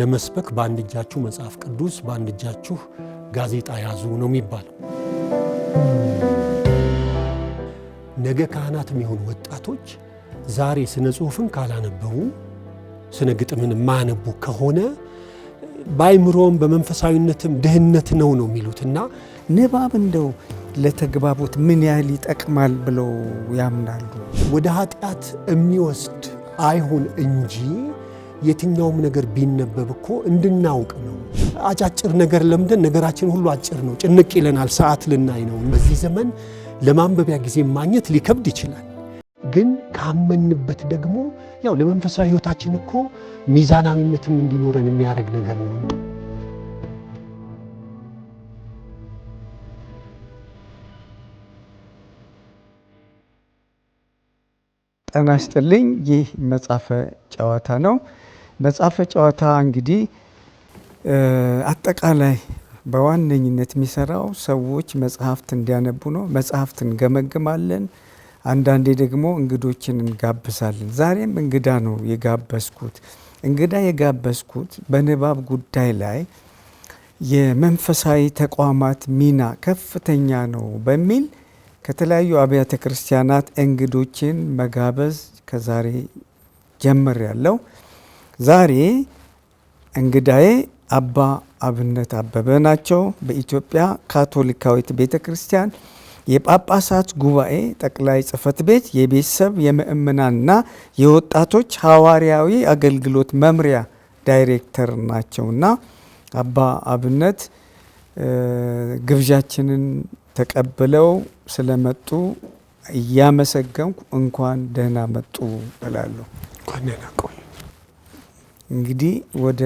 ለመስበክ በአንድ እጃችሁ መጽሐፍ ቅዱስ በአንድ እጃችሁ ጋዜጣ ያዙ ነው የሚባለው። ነገ ካህናት የሚሆኑ ወጣቶች ዛሬ ስነ ጽሁፍን ካላነበቡ ስነ ግጥምን የማያነቡ ከሆነ በአይምሮም በመንፈሳዊነትም ድህነት ነው ነው የሚሉት እና ንባብ እንደው ለተግባቦት ምን ያህል ይጠቅማል ብለው ያምናሉ። ወደ ኃጢአት የሚወስድ አይሁን እንጂ የትኛውም ነገር ቢነበብ እኮ እንድናውቅ ነው። አጫጭር ነገር ለምደን ነገራችን ሁሉ አጭር ነው፣ ጭንቅ ይለናል፣ ሰዓት ልናይ ነው። በዚህ ዘመን ለማንበቢያ ጊዜ ማግኘት ሊከብድ ይችላል። ግን ካመንበት ደግሞ ያው ለመንፈሳዊ ሕይወታችን እኮ ሚዛናዊነትም እንዲኖረን የሚያደርግ ነገር ነው። ጤና ይስጥልኝ ይህ መጽሐፈ ጨዋታ ነው። መጽሐፈ ጨዋታ እንግዲህ አጠቃላይ በዋነኝነት የሚሰራው ሰዎች መጽሐፍት እንዲያነቡ ነው። መጽሐፍት እንገመግማለን። አንዳንዴ ደግሞ እንግዶችን እንጋብዛለን። ዛሬም እንግዳ ነው የጋበዝኩት። እንግዳ የጋበዝኩት በንባብ ጉዳይ ላይ የመንፈሳዊ ተቋማት ሚና ከፍተኛ ነው በሚል ከተለያዩ አብያተ ክርስቲያናት እንግዶችን መጋበዝ ከዛሬ ጀምር ያለው ዛሬ እንግዳዬ አባ አብነት አበበ ናቸው። በኢትዮጵያ ካቶሊካዊት ቤተ ክርስቲያን የጳጳሳት ጉባኤ ጠቅላይ ጽህፈት ቤት የቤተሰብ የምእምናንና የወጣቶች ሐዋርያዊ አገልግሎት መምሪያ ዳይሬክተር ናቸውና አባ አብነት ግብዣችንን ተቀብለው ስለመጡ እያመሰገንኩ እንኳን ደህና መጡ እላለሁ። እንግዲህ ወደ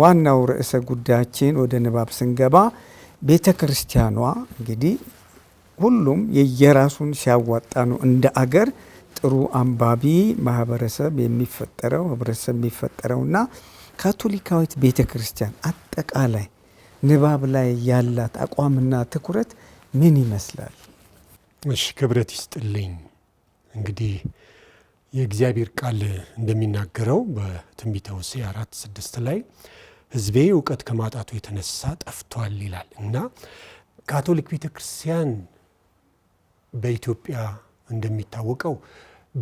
ዋናው ርዕሰ ጉዳያችን ወደ ንባብ ስንገባ ቤተ ክርስቲያኗ እንግዲህ ሁሉም የየራሱን ሲያዋጣ ነው እንደ አገር ጥሩ አንባቢ ማህበረሰብ የሚፈጠረው ህብረተሰብ የሚፈጠረውና ካቶሊካዊት ቤተ ክርስቲያን አጠቃላይ ንባብ ላይ ያላት አቋምና ትኩረት ምን ይመስላል? እሺ ክብረት ይስጥልኝ። እንግዲህ የእግዚአብሔር ቃል እንደሚናገረው በትንቢተ ሆሴዕ አራት ስድስት ላይ ሕዝቤ እውቀት ከማጣቱ የተነሳ ጠፍቷል ይላል እና ካቶሊክ ቤተ ክርስቲያን በኢትዮጵያ እንደሚታወቀው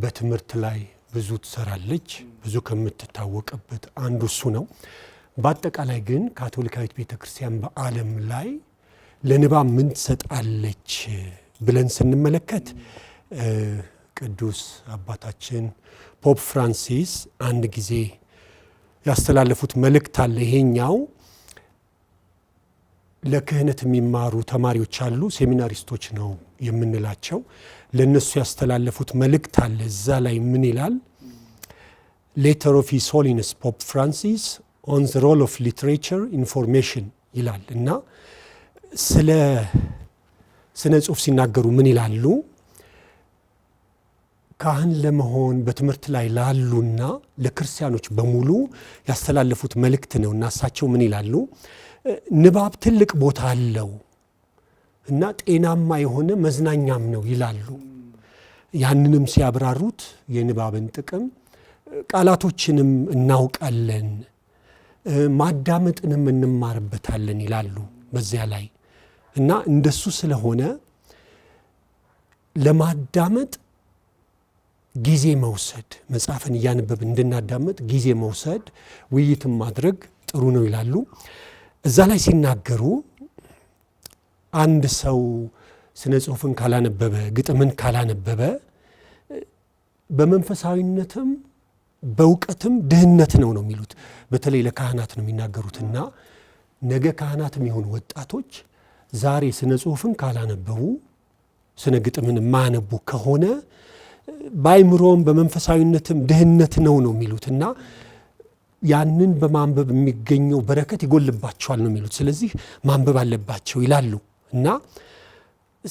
በትምህርት ላይ ብዙ ትሰራለች። ብዙ ከምትታወቅበት አንዱ እሱ ነው። በአጠቃላይ ግን ካቶሊካዊት ቤተ ክርስቲያን በዓለም ላይ ለንባብ ምን ትሰጣለች ብለን ስንመለከት ቅዱስ አባታችን ፖፕ ፍራንሲስ አንድ ጊዜ ያስተላለፉት መልእክት አለ። ይሄኛው ለክህነት የሚማሩ ተማሪዎች አሉ፣ ሴሚናሪስቶች ነው የምንላቸው። ለእነሱ ያስተላለፉት መልእክት አለ። እዛ ላይ ምን ይላል? ሌተር ኦፍ ሂዝ ሆሊነስ ፖፕ ፍራንሲስ ኦን ዘ ሮል ኦፍ ሊትሬቸር ኢንፎርሜሽን ይላል እና ስለ ስነ ጽሁፍ ሲናገሩ ምን ይላሉ? ካህን ለመሆን በትምህርት ላይ ላሉና ለክርስቲያኖች በሙሉ ያስተላለፉት መልእክት ነው እና እሳቸው ምን ይላሉ? ንባብ ትልቅ ቦታ አለው እና ጤናማ የሆነ መዝናኛም ነው ይላሉ። ያንንም ሲያብራሩት የንባብን ጥቅም ቃላቶችንም እናውቃለን፣ ማዳመጥንም እንማርበታለን ይላሉ በዚያ ላይ እና እንደሱ ስለሆነ ለማዳመጥ ጊዜ መውሰድ መጽሐፍን እያነበብን እንድናዳመጥ ጊዜ መውሰድ፣ ውይይትን ማድረግ ጥሩ ነው ይላሉ። እዛ ላይ ሲናገሩ አንድ ሰው ስነ ጽሁፍን ካላነበበ ግጥምን ካላነበበ በመንፈሳዊነትም በእውቀትም ድህነት ነው ነው የሚሉት። በተለይ ለካህናት ነው የሚናገሩትና ነገ ካህናትም የሆኑ ወጣቶች ዛሬ ስነ ጽሁፍን ካላነበቡ ስነ ግጥምን የማያነቡ ከሆነ በአይምሮም በመንፈሳዊነትም ድህነት ነው ነው የሚሉት እና ያንን በማንበብ የሚገኘው በረከት ይጎልባቸዋል ነው የሚሉት። ስለዚህ ማንበብ አለባቸው ይላሉ እና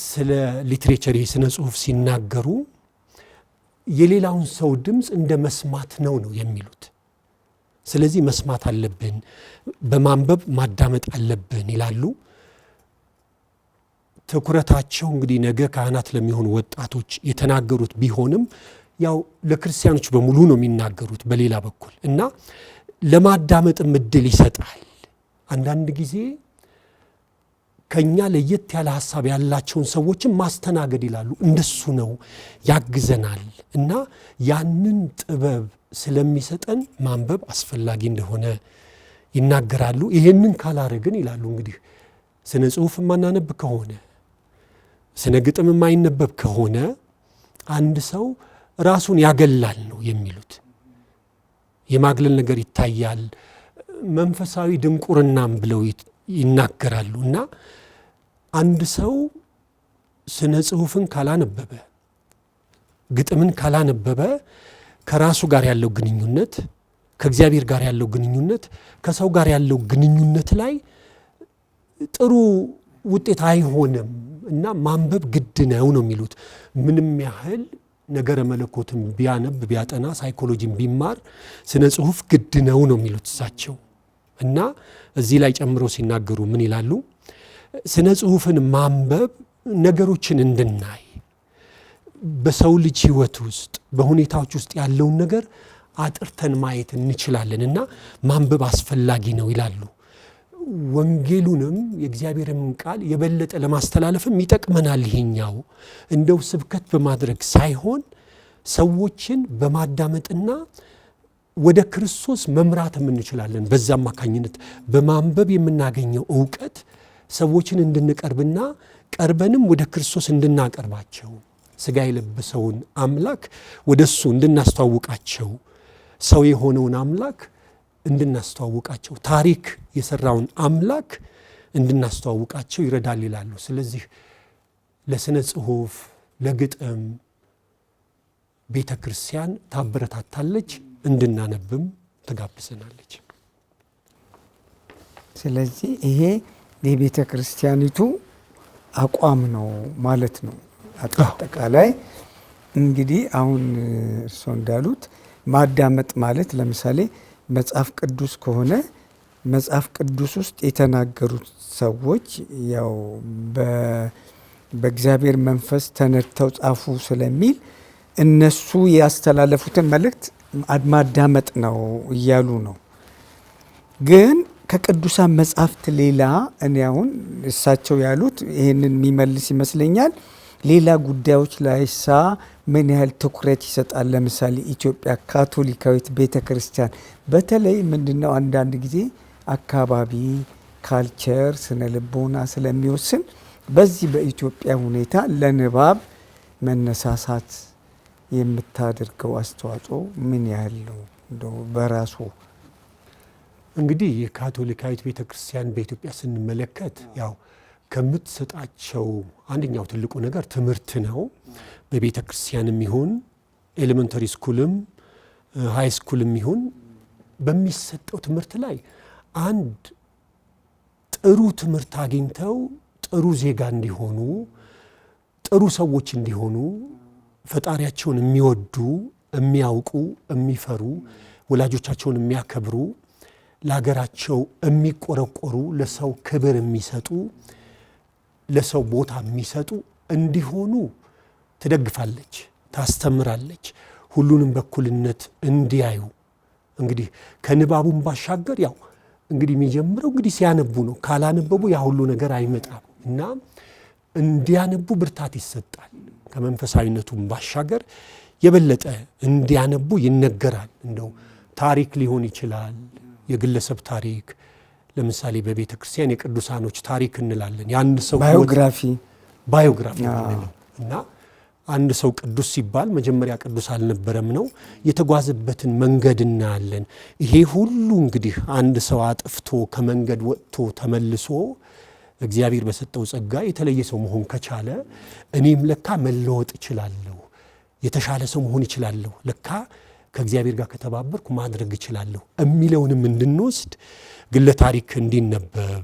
ስለ ሊትሬቸር የስነ ጽሁፍ ሲናገሩ የሌላውን ሰው ድምፅ እንደ መስማት ነው ነው የሚሉት። ስለዚህ መስማት አለብን፣ በማንበብ ማዳመጥ አለብን ይላሉ። ትኩረታቸው እንግዲህ ነገ ካህናት ለሚሆኑ ወጣቶች የተናገሩት ቢሆንም ያው ለክርስቲያኖች በሙሉ ነው የሚናገሩት በሌላ በኩል እና ለማዳመጥም እድል ይሰጣል። አንዳንድ ጊዜ ከኛ ለየት ያለ ሀሳብ ያላቸውን ሰዎችን ማስተናገድ ይላሉ። እንደሱ ነው ያግዘናል እና ያንን ጥበብ ስለሚሰጠን ማንበብ አስፈላጊ እንደሆነ ይናገራሉ። ይሄንን ካላረግን ይላሉ እንግዲህ ስነ ጽሁፍ ማናነብ ከሆነ ስነ ግጥም የማይነበብ ከሆነ አንድ ሰው ራሱን ያገላል ነው የሚሉት። የማግለል ነገር ይታያል፣ መንፈሳዊ ድንቁርናም ብለው ይናገራሉ። እና አንድ ሰው ስነ ጽሁፍን ካላነበበ፣ ግጥምን ካላነበበ ከራሱ ጋር ያለው ግንኙነት ከእግዚአብሔር ጋር ያለው ግንኙነት ከሰው ጋር ያለው ግንኙነት ላይ ጥሩ ውጤት አይሆንም እና ማንበብ ግድ ነው ነው የሚሉት። ምንም ያህል ነገረ መለኮትን ቢያነብ ቢያጠና፣ ሳይኮሎጂን ቢማር ስነ ጽሁፍ ግድ ነው ነው የሚሉት እሳቸው። እና እዚህ ላይ ጨምሮ ሲናገሩ ምን ይላሉ? ስነ ጽሁፍን ማንበብ ነገሮችን እንድናይ በሰው ልጅ ህይወት ውስጥ በሁኔታዎች ውስጥ ያለውን ነገር አጥርተን ማየት እንችላለን እና ማንበብ አስፈላጊ ነው ይላሉ። ወንጌሉንም የእግዚአብሔርን ቃል የበለጠ ለማስተላለፍም ይጠቅመናል። ይሄኛው እንደው ስብከት በማድረግ ሳይሆን ሰዎችን በማዳመጥና ወደ ክርስቶስ መምራትም እንችላለን። በዛ አማካኝነት በማንበብ የምናገኘው እውቀት ሰዎችን እንድንቀርብና ቀርበንም ወደ ክርስቶስ እንድናቀርባቸው ስጋ የለበሰውን አምላክ ወደ እሱ እንድናስተዋውቃቸው ሰው የሆነውን አምላክ እንድናስተዋውቃቸው ታሪክ የሰራውን አምላክ እንድናስተዋውቃቸው ይረዳል ይላሉ። ስለዚህ ለስነ ጽሁፍ፣ ለግጥም ቤተ ክርስቲያን ታበረታታለች፣ እንድናነብም ትጋብዘናለች። ስለዚህ ይሄ የቤተ ክርስቲያኒቱ አቋም ነው ማለት ነው። አጠቃላይ እንግዲህ አሁን እርስዎ እንዳሉት ማዳመጥ ማለት ለምሳሌ መጽሐፍ ቅዱስ ከሆነ መጽሐፍ ቅዱስ ውስጥ የተናገሩት ሰዎች ያው በእግዚአብሔር መንፈስ ተነድተው ጻፉ ስለሚል እነሱ ያስተላለፉትን መልእክት ማዳመጥ ነው እያሉ ነው። ግን ከቅዱሳን መጽሐፍት ሌላ እኔ አሁን እሳቸው ያሉት ይህንን የሚመልስ ይመስለኛል ሌላ ጉዳዮች ላይሳ ምን ያህል ትኩረት ይሰጣል? ለምሳሌ ኢትዮጵያ ካቶሊካዊት ቤተ ክርስቲያን በተለይ ምንድነው አንዳንድ ጊዜ አካባቢ፣ ካልቸር፣ ስነ ልቦና ስለሚወስን በዚህ በኢትዮጵያ ሁኔታ ለንባብ መነሳሳት የምታደርገው አስተዋጽኦ ምን ያህል ነው? እንደው በራሱ እንግዲህ የካቶሊካዊት ቤተ ክርስቲያን በኢትዮጵያ ስንመለከት ያው ከምትሰጣቸው አንደኛው ትልቁ ነገር ትምህርት ነው። በቤተ ክርስቲያንም ይሁን ኤሌመንተሪ ስኩልም ሃይ ስኩልም ይሁን በሚሰጠው ትምህርት ላይ አንድ ጥሩ ትምህርት አግኝተው ጥሩ ዜጋ እንዲሆኑ፣ ጥሩ ሰዎች እንዲሆኑ፣ ፈጣሪያቸውን የሚወዱ የሚያውቁ፣ የሚፈሩ፣ ወላጆቻቸውን የሚያከብሩ፣ ለሀገራቸው የሚቆረቆሩ፣ ለሰው ክብር የሚሰጡ ለሰው ቦታ የሚሰጡ እንዲሆኑ ትደግፋለች፣ ታስተምራለች። ሁሉንም በኩልነት እንዲያዩ እንግዲህ ከንባቡን ባሻገር ያው እንግዲህ የሚጀምረው እንግዲህ ሲያነቡ ነው። ካላነበቡ ያ ሁሉ ነገር አይመጣም እና እንዲያነቡ ብርታት ይሰጣል። ከመንፈሳዊነቱም ባሻገር የበለጠ እንዲያነቡ ይነገራል። እንደው ታሪክ ሊሆን ይችላል፣ የግለሰብ ታሪክ ለምሳሌ በቤተ ክርስቲያን የቅዱሳኖች ታሪክ እንላለን። የአንድ ሰው ባዮግራፊ ባዮግራፊ እና አንድ ሰው ቅዱስ ሲባል መጀመሪያ ቅዱስ አልነበረም ነው። የተጓዘበትን መንገድ እናያለን። ይሄ ሁሉ እንግዲህ አንድ ሰው አጥፍቶ ከመንገድ ወጥቶ ተመልሶ እግዚአብሔር በሰጠው ጸጋ የተለየ ሰው መሆን ከቻለ እኔም ለካ መለወጥ እችላለሁ፣ የተሻለ ሰው መሆን እችላለሁ፣ ለካ ከእግዚአብሔር ጋር ከተባበርኩ ማድረግ እችላለሁ የሚለውንም እንድንወስድ ግለ ታሪክ እንዲነበብ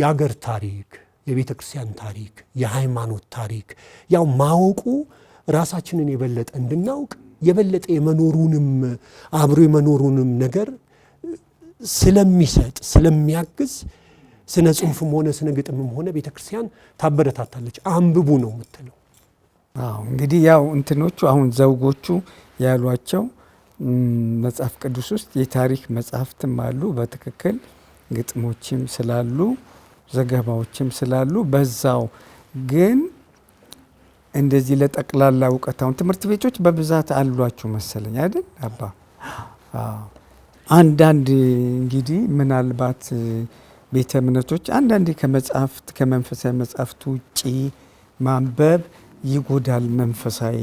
የአገር ታሪክ፣ የቤተ ክርስቲያን ታሪክ፣ የሃይማኖት ታሪክ ያው ማወቁ ራሳችንን የበለጠ እንድናውቅ የበለጠ የመኖሩንም አብሮ የመኖሩንም ነገር ስለሚሰጥ ስለሚያግዝ ስነ ጽሁፍም ሆነ ስነ ግጥምም ሆነ ቤተ ክርስቲያን ታበረታታለች። አንብቡ ነው የምትለው። እንግዲህ ያው እንትኖቹ አሁን ዘውጎቹ ያሏቸው መጽሐፍ ቅዱስ ውስጥ የታሪክ መጽሐፍትም አሉ በትክክል ግጥሞችም ስላሉ ዘገባዎችም ስላሉ በዛው ግን እንደዚህ ለጠቅላላ እውቀታውን ትምህርት ቤቶች በብዛት አሏችሁ መሰለኝ አይደል አባ? አንዳንድ እንግዲህ ምናልባት ቤተ እምነቶች አንዳንድ ከመጽሐፍት ከመንፈሳዊ መጽሐፍት ውጪ ማንበብ ይጎዳል መንፈሳዊ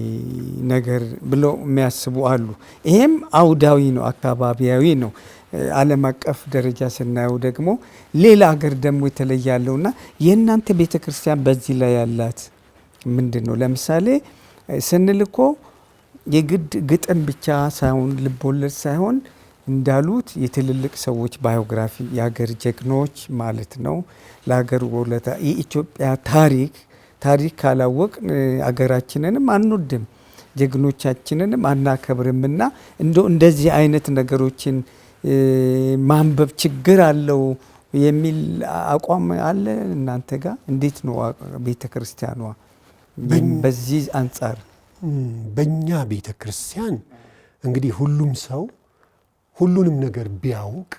ነገር ብለው የሚያስቡ አሉ። ይሄም አውዳዊ ነው፣ አካባቢያዊ ነው። ዓለም አቀፍ ደረጃ ስናየው ደግሞ ሌላ ሀገር ደግሞ የተለየ ያለውና የእናንተ ቤተ ክርስቲያን በዚህ ላይ ያላት ምንድን ነው? ለምሳሌ ስንልኮ የግድ ግጥም ብቻ ሳይሆን ልቦለድ ሳይሆን እንዳሉት የትልልቅ ሰዎች ባዮግራፊ የሀገር ጀግኖች ማለት ነው ለሀገር ውለታ የኢትዮጵያ ታሪክ ታሪክ ካላወቅ አገራችንንም አንወድም፣ ጀግኖቻችንንም አናከብርምና እንደ እንደዚህ አይነት ነገሮችን ማንበብ ችግር አለው የሚል አቋም አለ እናንተ ጋር። እንዴት ነው ቤተ ክርስቲያኗ በዚህ አንጻር? በእኛ ቤተ ክርስቲያን እንግዲህ ሁሉም ሰው ሁሉንም ነገር ቢያውቅ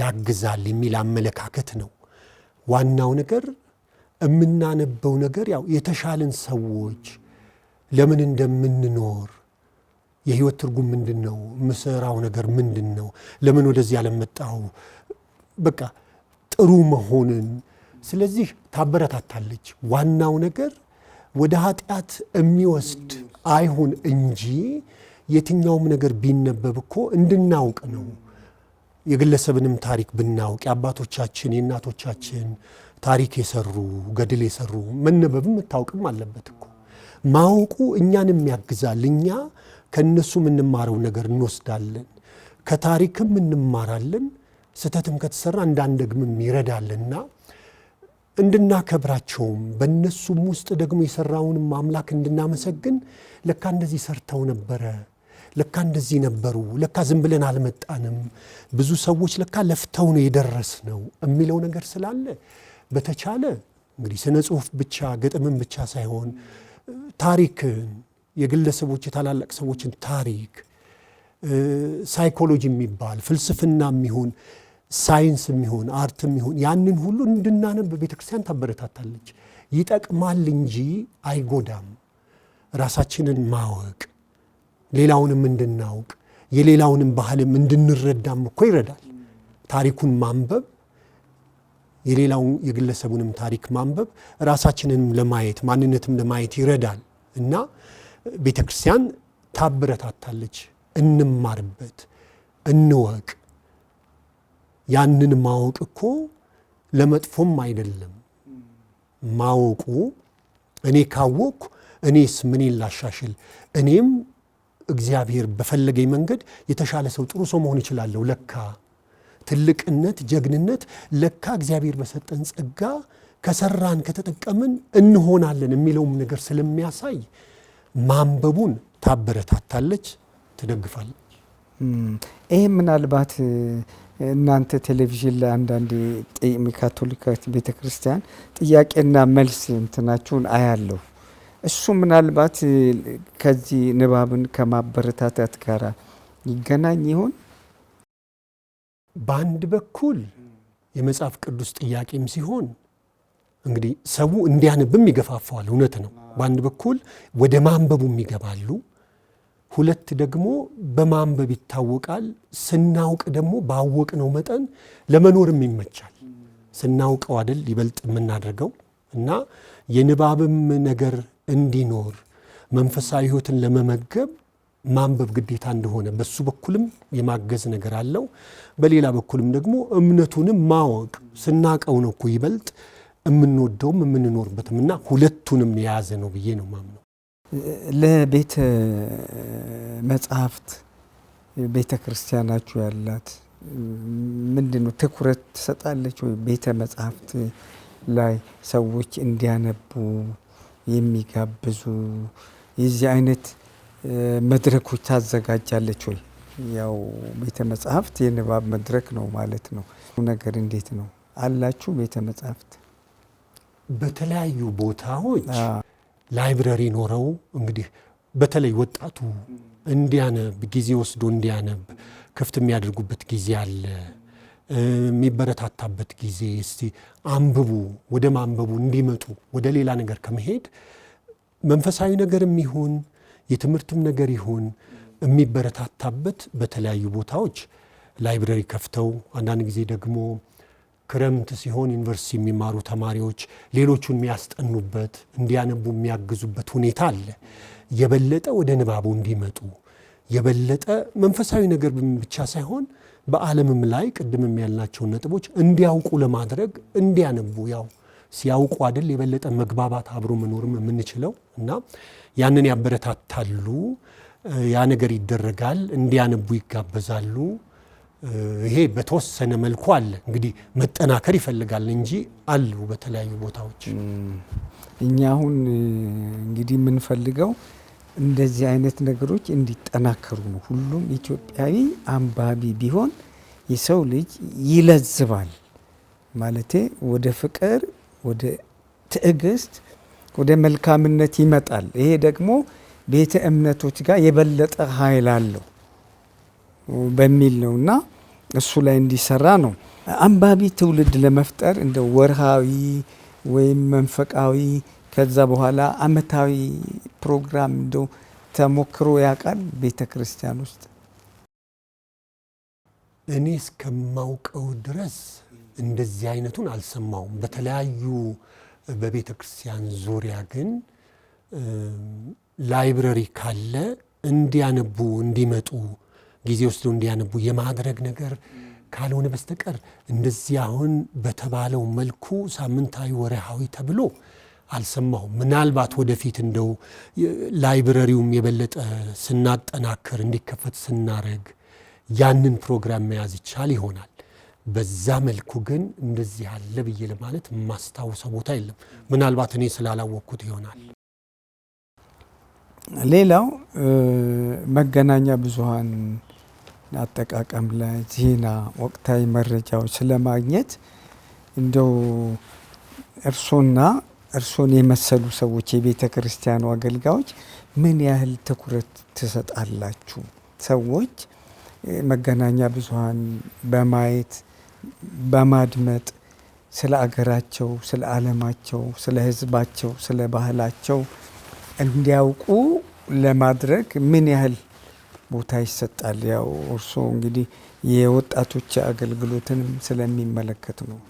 ያግዛል የሚል አመለካከት ነው። ዋናው ነገር የምናነበው ነገር ያው የተሻለን ሰዎች ለምን እንደምንኖር የህይወት ትርጉም ምንድን ነው? የምሰራው ነገር ምንድን ነው? ለምን ወደዚህ ያለመጣው? በቃ ጥሩ መሆንን ስለዚህ ታበረታታለች። ዋናው ነገር ወደ ኃጢአት የሚወስድ አይሁን እንጂ የትኛውም ነገር ቢነበብ እኮ እንድናውቅ ነው። የግለሰብንም ታሪክ ብናውቅ የአባቶቻችን የእናቶቻችን ታሪክ የሰሩ ገድል የሰሩ መነበብም መታወቅም አለበት እኮ። ማወቁ እኛንም ያግዛል። እኛ ከእነሱ የምንማረው ነገር እንወስዳለን፣ ከታሪክም እንማራለን። ስህተትም ከተሰራ እንዳንደግምም ይረዳልና እንድናከብራቸውም በእነሱም ውስጥ ደግሞ የሰራውንም አምላክ እንድናመሰግን ለካ እንደዚህ ሰርተው ነበረ፣ ለካ እንደዚህ ነበሩ፣ ለካ ዝም ብለን አልመጣንም፣ ብዙ ሰዎች ለካ ለፍተው ነው ነው የሚለው ነገር ስላለ በተቻለ እንግዲህ ስነ ጽሁፍ ብቻ ግጥምን ብቻ ሳይሆን ታሪክን፣ የግለሰቦች የታላላቅ ሰዎችን ታሪክ፣ ሳይኮሎጂ የሚባል ፍልስፍና የሚሆን ሳይንስ የሚሆን አርት የሚሆን ያንን ሁሉ እንድናነብ ቤተክርስቲያን ታበረታታለች። ይጠቅማል እንጂ አይጎዳም። ራሳችንን ማወቅ ሌላውንም እንድናውቅ የሌላውንም ባህልም እንድንረዳም እኮ ይረዳል። ታሪኩን ማንበብ የሌላውን የግለሰቡንም ታሪክ ማንበብ ራሳችንንም ለማየት ማንነትም ለማየት ይረዳል እና ቤተ ክርስቲያን ታበረታታለች። እንማርበት፣ እንወቅ። ያንን ማወቅ እኮ ለመጥፎም አይደለም። ማወቁ እኔ ካወቅኩ እኔስ ምኔን ላሻሽል፣ እኔም እግዚአብሔር በፈለገኝ መንገድ የተሻለ ሰው ጥሩ ሰው መሆን ይችላለሁ ለካ ትልቅነት፣ ጀግንነት ለካ እግዚአብሔር በሰጠን ጸጋ ከሰራን ከተጠቀምን እንሆናለን የሚለውም ነገር ስለሚያሳይ ማንበቡን ታበረታታለች፣ ትደግፋለች። ይህ ምናልባት እናንተ ቴሌቪዥን ላይ አንዳንድ ካቶሊካ ቤተ ክርስቲያን ጥያቄና መልስ እንትናችሁን አያለሁ። እሱ ምናልባት ከዚህ ንባብን ከማበረታታት ጋር ይገናኝ ይሆን? በአንድ በኩል የመጽሐፍ ቅዱስ ጥያቄም ሲሆን እንግዲህ ሰው እንዲያነብም ይገፋፋዋል። እውነት ነው። በአንድ በኩል ወደ ማንበቡም ይገባሉ። ሁለት ደግሞ በማንበብ ይታወቃል። ስናውቅ ደግሞ ባወቅነው መጠን ለመኖርም ይመቻል። ስናውቀው አደል ይበልጥ የምናደርገው እና የንባብም ነገር እንዲኖር መንፈሳዊ ሕይወትን ለመመገብ ማንበብ ግዴታ እንደሆነ በሱ በኩልም የማገዝ ነገር አለው። በሌላ በኩልም ደግሞ እምነቱንም ማወቅ ስናቀው ነው እኮ ይበልጥ የምንወደውም የምንኖርበትም እና ሁለቱንም የያዘ ነው ብዬ ነው ማምነው። ለቤተ መጽሐፍት ቤተ ክርስቲያናችሁ ያላት ምንድን ነው? ትኩረት ትሰጣለች ወይ? ቤተ መጽሐፍት ላይ ሰዎች እንዲያነቡ የሚጋብዙ የዚህ አይነት መድረኮች ታዘጋጃለች ወይ? ያው ቤተ መጽሐፍት የንባብ መድረክ ነው ማለት ነው። ነገር እንዴት ነው አላችሁ? ቤተ መጽሐፍት በተለያዩ ቦታዎች ላይብረሪ ኖረው እንግዲህ በተለይ ወጣቱ እንዲያነብ ጊዜ ወስዶ እንዲያነብ ክፍት የሚያደርጉበት ጊዜ አለ። የሚበረታታበት ጊዜ እስቲ አንብቡ፣ ወደ ማንበቡ እንዲመጡ ወደ ሌላ ነገር ከመሄድ መንፈሳዊ ነገርም ይሁን የትምህርትም ነገር ይሁን የሚበረታታበት በተለያዩ ቦታዎች ላይብረሪ ከፍተው አንዳንድ ጊዜ ደግሞ ክረምት ሲሆን ዩኒቨርሲቲ የሚማሩ ተማሪዎች ሌሎቹን የሚያስጠኑበት እንዲያነቡ የሚያግዙበት ሁኔታ አለ። የበለጠ ወደ ንባቡ እንዲመጡ የበለጠ መንፈሳዊ ነገር ብቻ ሳይሆን በዓለምም ላይ ቅድም ያልናቸውን ነጥቦች እንዲያውቁ ለማድረግ እንዲያነቡ ያው ሲያውቁ አይደል የበለጠ መግባባት አብሮ መኖርም የምንችለው እና ያንን ያበረታታሉ። ያ ነገር ይደረጋል። እንዲያነቡ ይጋበዛሉ። ይሄ በተወሰነ መልኩ አለ። እንግዲህ መጠናከር ይፈልጋል እንጂ አሉ በተለያዩ ቦታዎች። እኛ አሁን እንግዲህ የምንፈልገው እንደዚህ አይነት ነገሮች እንዲጠናከሩ ነው። ሁሉም ኢትዮጵያዊ አንባቢ ቢሆን የሰው ልጅ ይለዝባል ማለቴ ወደ ፍቅር ወደ ትዕግስት፣ ወደ መልካምነት ይመጣል። ይሄ ደግሞ ቤተ እምነቶች ጋር የበለጠ ኃይል አለው በሚል ነው እና እሱ ላይ እንዲሰራ ነው። አንባቢ ትውልድ ለመፍጠር እንደ ወርሃዊ ወይም መንፈቃዊ ከዛ በኋላ አመታዊ ፕሮግራም እንደው ተሞክሮ ያውቃል ቤተ ክርስቲያን ውስጥ እኔ እስከማውቀው ድረስ እንደዚህ አይነቱን አልሰማውም። በተለያዩ በቤተ ክርስቲያን ዙሪያ ግን ላይብረሪ ካለ እንዲያነቡ እንዲመጡ ጊዜ ወስደው እንዲያነቡ የማድረግ ነገር ካልሆነ በስተቀር እንደዚህ አሁን በተባለው መልኩ ሳምንታዊ ወርሃዊ ተብሎ አልሰማሁም። ምናልባት ወደፊት እንደው ላይብረሪውም የበለጠ ስናጠናክር እንዲከፈት ስናረግ ያንን ፕሮግራም መያዝ ይቻል ይሆናል። በዛ መልኩ ግን እንደዚህ ያለ ብዬ ለማለት የማስታውሰው ቦታ የለም። ምናልባት እኔ ስላላወቅኩት ይሆናል። ሌላው መገናኛ ብዙኃን አጠቃቀም ላይ ዜና፣ ወቅታዊ መረጃዎች ስለማግኘት እንደው እርሶና እርሶን የመሰሉ ሰዎች የቤተ ክርስቲያኑ አገልጋዮች ምን ያህል ትኩረት ትሰጣላችሁ? ሰዎች መገናኛ ብዙኃን በማየት በማድመጥ ስለ አገራቸው፣ ስለ ዓለማቸው፣ ስለ ህዝባቸው፣ ስለ ባህላቸው እንዲያውቁ ለማድረግ ምን ያህል ቦታ ይሰጣል? ያው እርስዎ እንግዲህ የወጣቶች አገልግሎትንም ስለሚመለከት ነው።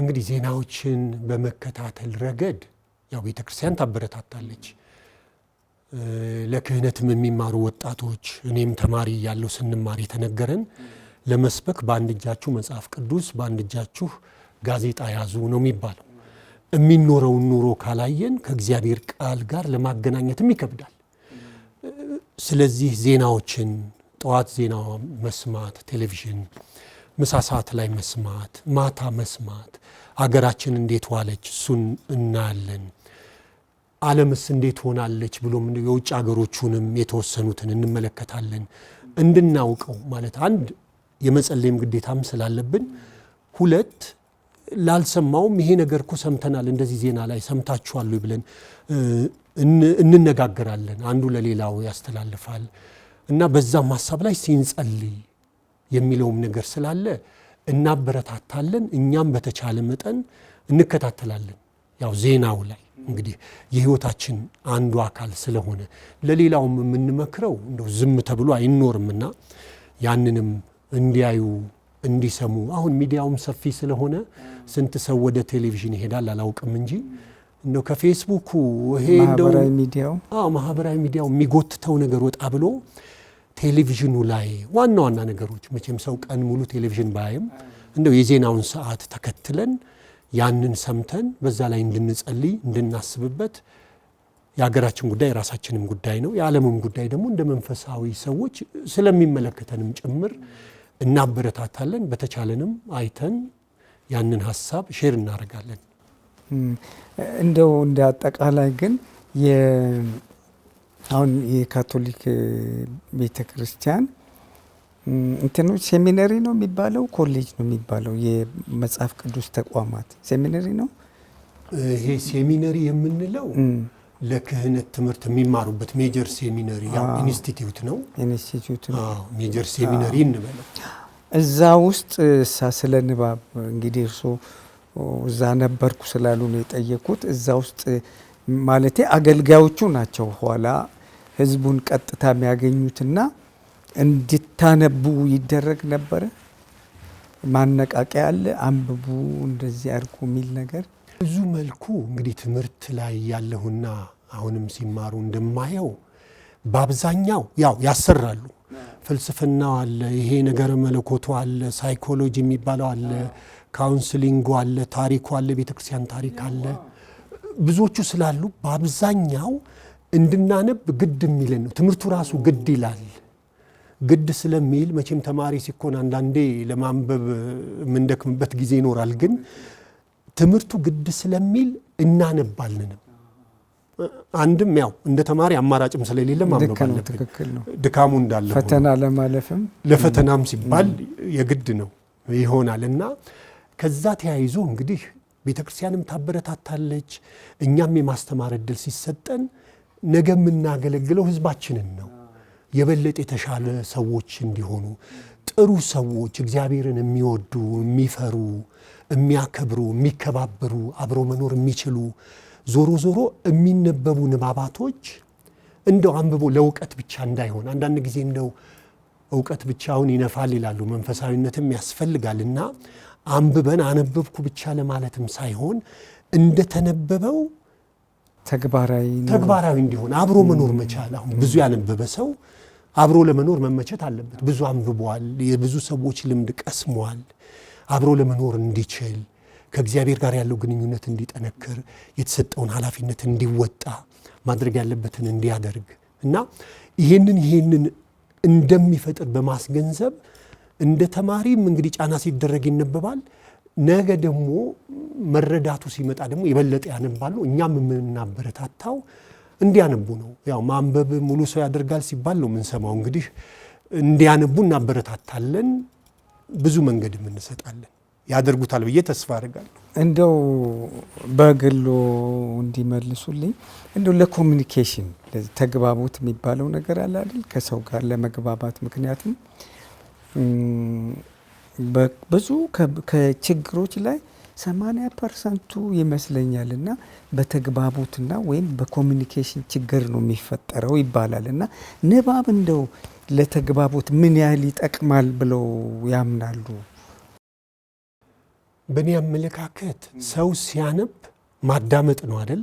እንግዲህ ዜናዎችን በመከታተል ረገድ ያው ቤተ ክርስቲያን ታበረታታለች። ለክህነትም የሚማሩ ወጣቶች እኔም ተማሪ እያለሁ ስንማር የተነገረን ለመስበክ በአንድ እጃችሁ መጽሐፍ ቅዱስ በአንድ እጃችሁ ጋዜጣ ያዙ ነው የሚባለው። የሚኖረውን ኑሮ ካላየን ከእግዚአብሔር ቃል ጋር ለማገናኘትም ይከብዳል። ስለዚህ ዜናዎችን ጠዋት ዜና መስማት፣ ቴሌቪዥን ምሳ ሰዓት ላይ መስማት፣ ማታ መስማት፣ አገራችን እንዴት ዋለች እሱን እናያለን። ዓለምስ እንዴት ሆናለች ብሎ የውጭ ሀገሮቹንም የተወሰኑትን እንመለከታለን። እንድናውቀው ማለት አንድ የመጸለይም ግዴታም ስላለብን፣ ሁለት ላልሰማውም ይሄ ነገር እኮ ሰምተናል እንደዚህ ዜና ላይ ሰምታችኋሉ ብለን እንነጋገራለን። አንዱ ለሌላው ያስተላልፋል እና በዛም ሀሳብ ላይ ሲንጸልይ የሚለውም ነገር ስላለ እናበረታታለን። እኛም በተቻለ መጠን እንከታተላለን። ያው ዜናው ላይ እንግዲህ የህይወታችን አንዱ አካል ስለሆነ ለሌላውም የምንመክረው እንደው ዝም ተብሎ አይኖርምና ያንንም እንዲያዩ እንዲሰሙ አሁን ሚዲያውም ሰፊ ስለሆነ ስንት ሰው ወደ ቴሌቪዥን ይሄዳል አላውቅም እንጂ እንደው ከፌስቡኩ ይሄ ማህበራዊ ሚዲያው የሚጎትተው ነገር ወጣ ብሎ ቴሌቪዥኑ ላይ ዋና ዋና ነገሮች መቼም ሰው ቀን ሙሉ ቴሌቪዥን ባያይም እንደው የዜናውን ሰዓት ተከትለን ያንን ሰምተን በዛ ላይ እንድንጸልይ እንድናስብበት የሀገራችን ጉዳይ የራሳችንም ጉዳይ ነው። የዓለምም ጉዳይ ደግሞ እንደ መንፈሳዊ ሰዎች ስለሚመለከተንም ጭምር እናበረታታለን። በተቻለንም አይተን ያንን ሀሳብ ሼር እናደርጋለን። እንደው እንደ አጠቃላይ ግን አሁን የካቶሊክ ቤተ ክርስቲያን እንትኖች ሴሚነሪ ነው የሚባለው ኮሌጅ ነው የሚባለው የመጽሐፍ ቅዱስ ተቋማት ሴሚነሪ ነው ይሄ ሴሚነሪ የምንለው ለክህነት ትምህርት የሚማሩበት ሜጀር ሴሚነሪ ኢንስቲትዩት ነው። ኢንስቲትዩት ነው ሜጀር ሴሚነሪ እንበለው። እዛ ውስጥ እሳ ስለ ንባብ እንግዲህ እርስዎ እዛ ነበርኩ ስላሉ ነው የጠየኩት። እዛ ውስጥ ማለቴ አገልጋዮቹ ናቸው ኋላ ህዝቡን ቀጥታ የሚያገኙትና እንድታነቡ ይደረግ ነበረ። ማነቃቂያ አለ፣ አንብቡ እንደዚህ አድርጉ የሚል ነገር ብዙ መልኩ እንግዲህ ትምህርት ላይ ያለሁና አሁንም ሲማሩ እንደማየው በአብዛኛው ያው ያሰራሉ። ፍልስፍናው አለ፣ ይሄ ነገር መለኮቱ አለ፣ ሳይኮሎጂ የሚባለው አለ፣ ካውንስሊንጉ አለ፣ ታሪኩ አለ፣ ቤተክርስቲያን ታሪክ አለ። ብዙዎቹ ስላሉ በአብዛኛው እንድናነብ ግድ የሚለን ነው። ትምህርቱ ራሱ ግድ ይላል። ግድ ስለሚል መቼም ተማሪ ሲኮን አንዳንዴ ለማንበብ የምንደክምበት ጊዜ ይኖራል ግን ትምህርቱ ግድ ስለሚል እናነባልንም አንድም ያው እንደ ተማሪ አማራጭም ስለሌለ ድካሙ እንዳለ ፈተና ለማለፍም ለፈተናም ሲባል የግድ ነው ይሆናል እና ከዛ ተያይዞ እንግዲህ ቤተ ክርስቲያንም ታበረታታለች፣ እኛም የማስተማር እድል ሲሰጠን ነገ የምናገለግለው ህዝባችንን ነው። የበለጠ የተሻለ ሰዎች እንዲሆኑ ጥሩ ሰዎች፣ እግዚአብሔርን የሚወዱ የሚፈሩ የሚያከብሩ፣ የሚከባበሩ፣ አብሮ መኖር የሚችሉ ዞሮ ዞሮ የሚነበቡ ንባባቶች እንደው አንብቦ ለእውቀት ብቻ እንዳይሆን አንዳንድ ጊዜ እንደው እውቀት ብቻውን ይነፋል ይላሉ። መንፈሳዊነትም ያስፈልጋል እና አንብበን አነበብኩ ብቻ ለማለትም ሳይሆን እንደተነበበው ተግባራዊ ተግባራዊ እንዲሆን አብሮ መኖር መቻል። አሁን ብዙ ያነበበ ሰው አብሮ ለመኖር መመቸት አለበት። ብዙ አንብቧል፣ የብዙ ሰዎች ልምድ ቀስሟል። አብሮ ለመኖር እንዲችል ከእግዚአብሔር ጋር ያለው ግንኙነት እንዲጠነክር የተሰጠውን ኃላፊነት እንዲወጣ ማድረግ ያለበትን እንዲያደርግ እና ይህንን ይህንን እንደሚፈጥር በማስገንዘብ እንደ ተማሪም እንግዲህ ጫና ሲደረግ ይነበባል። ነገ ደግሞ መረዳቱ ሲመጣ ደግሞ የበለጠ ያነባሉ። እኛም የምናበረታታው እንዲያነቡ ነው። ያው ማንበብ ሙሉ ሰው ያደርጋል ሲባል ነው የምንሰማው። እንግዲህ እንዲያነቡ እናበረታታለን። ብዙ መንገድ የምንሰጣለን ያደርጉታል ብዬ ተስፋ አድርጋለሁ። እንደው በግሎ እንዲመልሱልኝ እንደው ለኮሚኒኬሽን ተግባቦት የሚባለው ነገር አለ አይደል? ከሰው ጋር ለመግባባት ምክንያቱም ብዙ ከችግሮች ላይ 80 ፐርሰንቱ ይመስለኛል እና በተግባቦትና ወይም በኮሚኒኬሽን ችግር ነው የሚፈጠረው ይባላል እና ንባብ እንደው ለተግባቦት ምን ያህል ይጠቅማል ብለው ያምናሉ? በእኔ አመለካከት ሰው ሲያነብ ማዳመጥ ነው አይደል?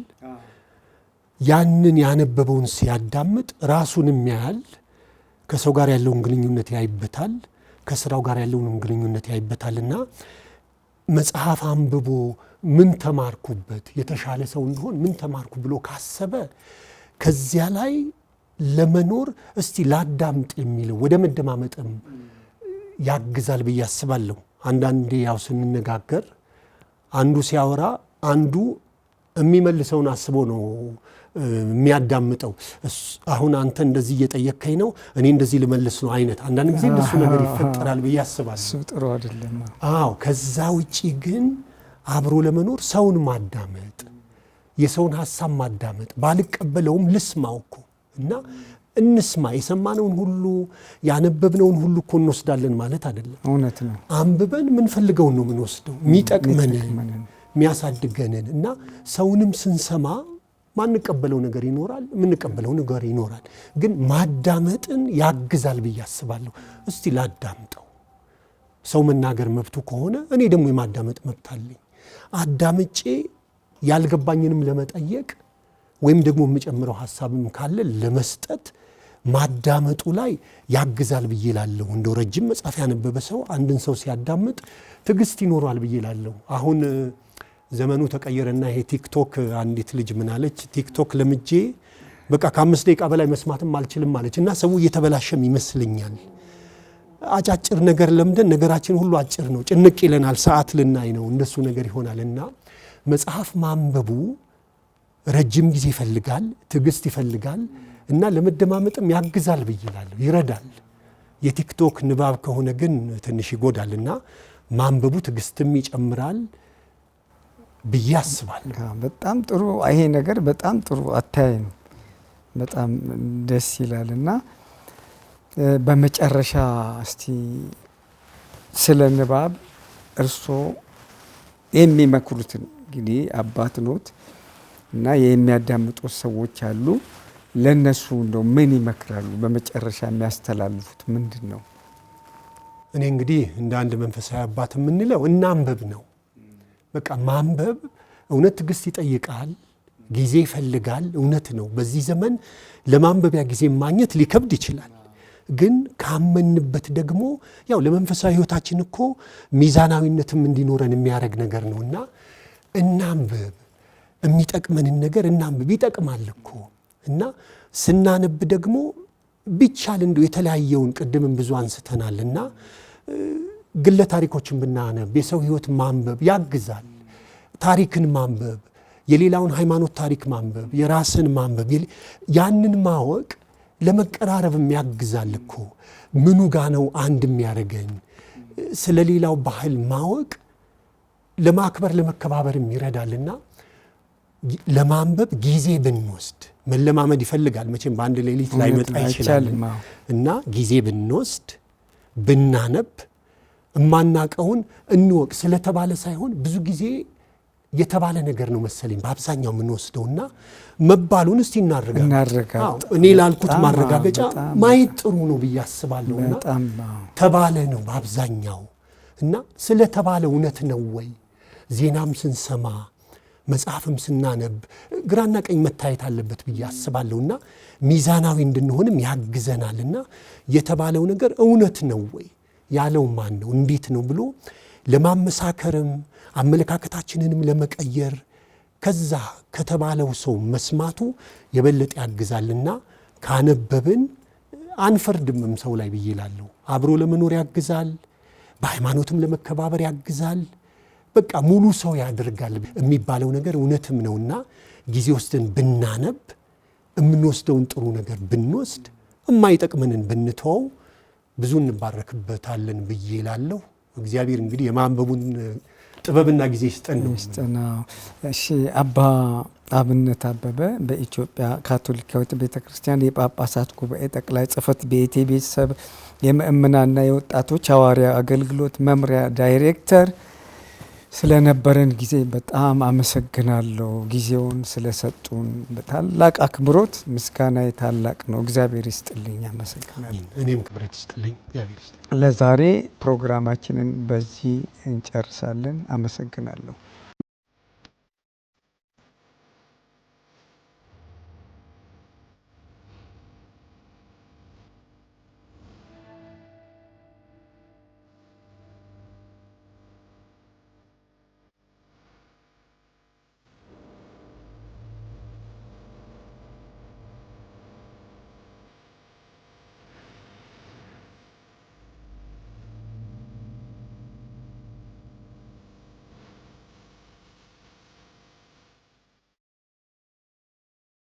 ያንን ያነበበውን ሲያዳምጥ ራሱንም ያህል ከሰው ጋር ያለውን ግንኙነት ያይበታል፣ ከስራው ጋር ያለውንም ግንኙነት እና መጽሐፍ አንብቦ ምን ተማርኩበት፣ የተሻለ ሰው እንደሆን ምን ተማርኩ ብሎ ካሰበ ከዚያ ላይ ለመኖር እስቲ ላዳምጥ የሚለው ወደ መደማመጥም ያግዛል ብዬ አስባለሁ። አንዳንዴ ያው ስንነጋገር አንዱ ሲያወራ አንዱ የሚመልሰውን አስቦ ነው የሚያዳምጠው። አሁን አንተ እንደዚህ እየጠየከኝ ነው፣ እኔ እንደዚህ ልመልስ ነው አይነት አንዳንድ ጊዜ እንደሱ ነገር ይፈጠራል ብዬ አስባለሁ። ጥሩ አይደለም። አዎ። ከዛ ውጪ ግን አብሮ ለመኖር ሰውን ማዳመጥ፣ የሰውን ሀሳብ ማዳመጥ፣ ባልቀበለውም ልስማው እኮ እና እንስማ የሰማነውን ሁሉ ያነበብነውን ሁሉ እኮ እንወስዳለን ማለት አይደለም። እውነት ነው። አንብበን ምንፈልገውን ነው ምንወስደው የሚጠቅመንን የሚያሳድገንን እና ሰውንም ስንሰማ ማንቀበለው ነገር ይኖራል፣ የምንቀበለው ነገር ይኖራል። ግን ማዳመጥን ያግዛል ብዬ አስባለሁ። እስቲ ላዳምጠው። ሰው መናገር መብቱ ከሆነ እኔ ደግሞ የማዳመጥ መብት አለኝ። አዳምጬ ያልገባኝንም ለመጠየቅ ወይም ደግሞ የምጨምረው ሀሳብም ካለ ለመስጠት ማዳመጡ ላይ ያግዛል ብዬ ላለሁ። እንደው ረጅም መጽሐፍ ያነበበ ሰው አንድን ሰው ሲያዳምጥ ትዕግስት ይኖረዋል ብዬ ላለሁ። አሁን ዘመኑ ተቀየረና ይሄ ቲክቶክ፣ አንዲት ልጅ ምናለች፣ ቲክቶክ ለምጄ በቃ ከአምስት ደቂቃ በላይ መስማትም አልችልም አለች። እና ሰው እየተበላሸም ይመስለኛል። አጫጭር ነገር ለምደን ነገራችን ሁሉ አጭር ነው፣ ጭንቅ ይለናል፣ ሰዓት ልናይ ነው፣ እንደሱ ነገር ይሆናል እና መጽሐፍ ማንበቡ ረጅም ጊዜ ይፈልጋል፣ ትዕግስት ይፈልጋል እና ለመደማመጥም ያግዛል ብይላለሁ፣ ይረዳል። የቲክቶክ ንባብ ከሆነ ግን ትንሽ ይጎዳል እና ማንበቡ ትዕግስትም ይጨምራል ብዬ አስባለሁ። በጣም ጥሩ ይሄ ነገር በጣም ጥሩ አተያይ ነው። በጣም ደስ ይላል እና በመጨረሻ እስቲ ስለ ንባብ እርስዎ የሚመክሩትን እንግዲህ አባት ኖት እና የሚያዳምጡ ሰዎች አሉ። ለነሱ እንደው ምን ይመክራሉ? በመጨረሻ የሚያስተላልፉት ምንድን ነው? እኔ እንግዲህ እንደ አንድ መንፈሳዊ አባት የምንለው እናንበብ ነው። በቃ ማንበብ እውነት ትዕግስት ይጠይቃል፣ ጊዜ ይፈልጋል። እውነት ነው። በዚህ ዘመን ለማንበቢያ ጊዜ ማግኘት ሊከብድ ይችላል። ግን ካመንበት ደግሞ ያው ለመንፈሳዊ ሕይወታችን እኮ ሚዛናዊነትም እንዲኖረን የሚያደርግ ነገር ነውና እናንብብ። የሚጠቅመንን ነገር እናንብብ። ይጠቅማል እኮ እና ስናነብ ደግሞ ቢቻል እንደው የተለያየውን ቅድምም ብዙ አንስተናል እና ግለ ታሪኮችን ብናነብ የሰው ህይወት ማንበብ ያግዛል። ታሪክን ማንበብ፣ የሌላውን ሃይማኖት ታሪክ ማንበብ፣ የራስን ማንበብ፣ ያንን ማወቅ ለመቀራረብም ያግዛል እኮ ምኑ ጋ ነው አንድ የሚያደርገን? ስለ ሌላው ባህል ማወቅ ለማክበር ለመከባበርም ይረዳልና ለማንበብ ጊዜ ብንወስድ መለማመድ ይፈልጋል መቼም በአንድ ሌሊት ላይመጣ ይችላል እና ጊዜ ብንወስድ ብናነብ እማናቀውን እንወቅ ስለተባለ ሳይሆን ብዙ ጊዜ የተባለ ነገር ነው መሰለኝ በአብዛኛው የምንወስደውና መባሉን እስቲ እናረጋ እኔ ላልኩት ማረጋገጫ ማየት ጥሩ ነው ብዬ አስባለሁና ተባለ ነው በአብዛኛው እና ስለተባለ እውነት ነው ወይ ዜናም ስንሰማ መጽሐፍም ስናነብ ግራና ቀኝ መታየት አለበት ብዬ አስባለሁና ሚዛናዊ እንድንሆንም ያግዘናልና የተባለው ነገር እውነት ነው ወይ ያለው ማን ነው እንዴት ነው ብሎ ለማመሳከርም አመለካከታችንንም ለመቀየር ከዛ ከተባለው ሰው መስማቱ የበለጠ ያግዛልና ካነበብን አንፈርድምም ሰው ላይ ብይላለሁ አብሮ ለመኖር ያግዛል፣ በሃይማኖትም ለመከባበር ያግዛል። በቃ ሙሉ ሰው ያደርጋል የሚባለው ነገር እውነትም ነውና ጊዜ ወስደን ብናነብ የምንወስደውን ጥሩ ነገር ብንወስድ የማይጠቅምንን ብንተወው ብዙ እንባረክበታለን ብዬ ላለሁ። እግዚአብሔር እንግዲህ የማንበቡን ጥበብና ጊዜ ይስጠን ነው። እሺ አባ አብነት አበበ በኢትዮጵያ ካቶሊካዊት ቤተ ክርስቲያን የጳጳሳት ጉባኤ ጠቅላይ ጽፈት ቤት የቤተሰብ የምእምናና የወጣቶች ሐዋርያ አገልግሎት መምሪያ ዳይሬክተር ስለነበረን ጊዜ በጣም አመሰግናለሁ። ጊዜውን ስለሰጡን በታላቅ አክብሮት ምስጋና ታላቅ ነው። እግዚአብሔር ይስጥልኝ፣ አመሰግናለሁ። እኔም ክብረት ይስጥልኝ። ለዛሬ ፕሮግራማችንን በዚህ እንጨርሳለን። አመሰግናለሁ።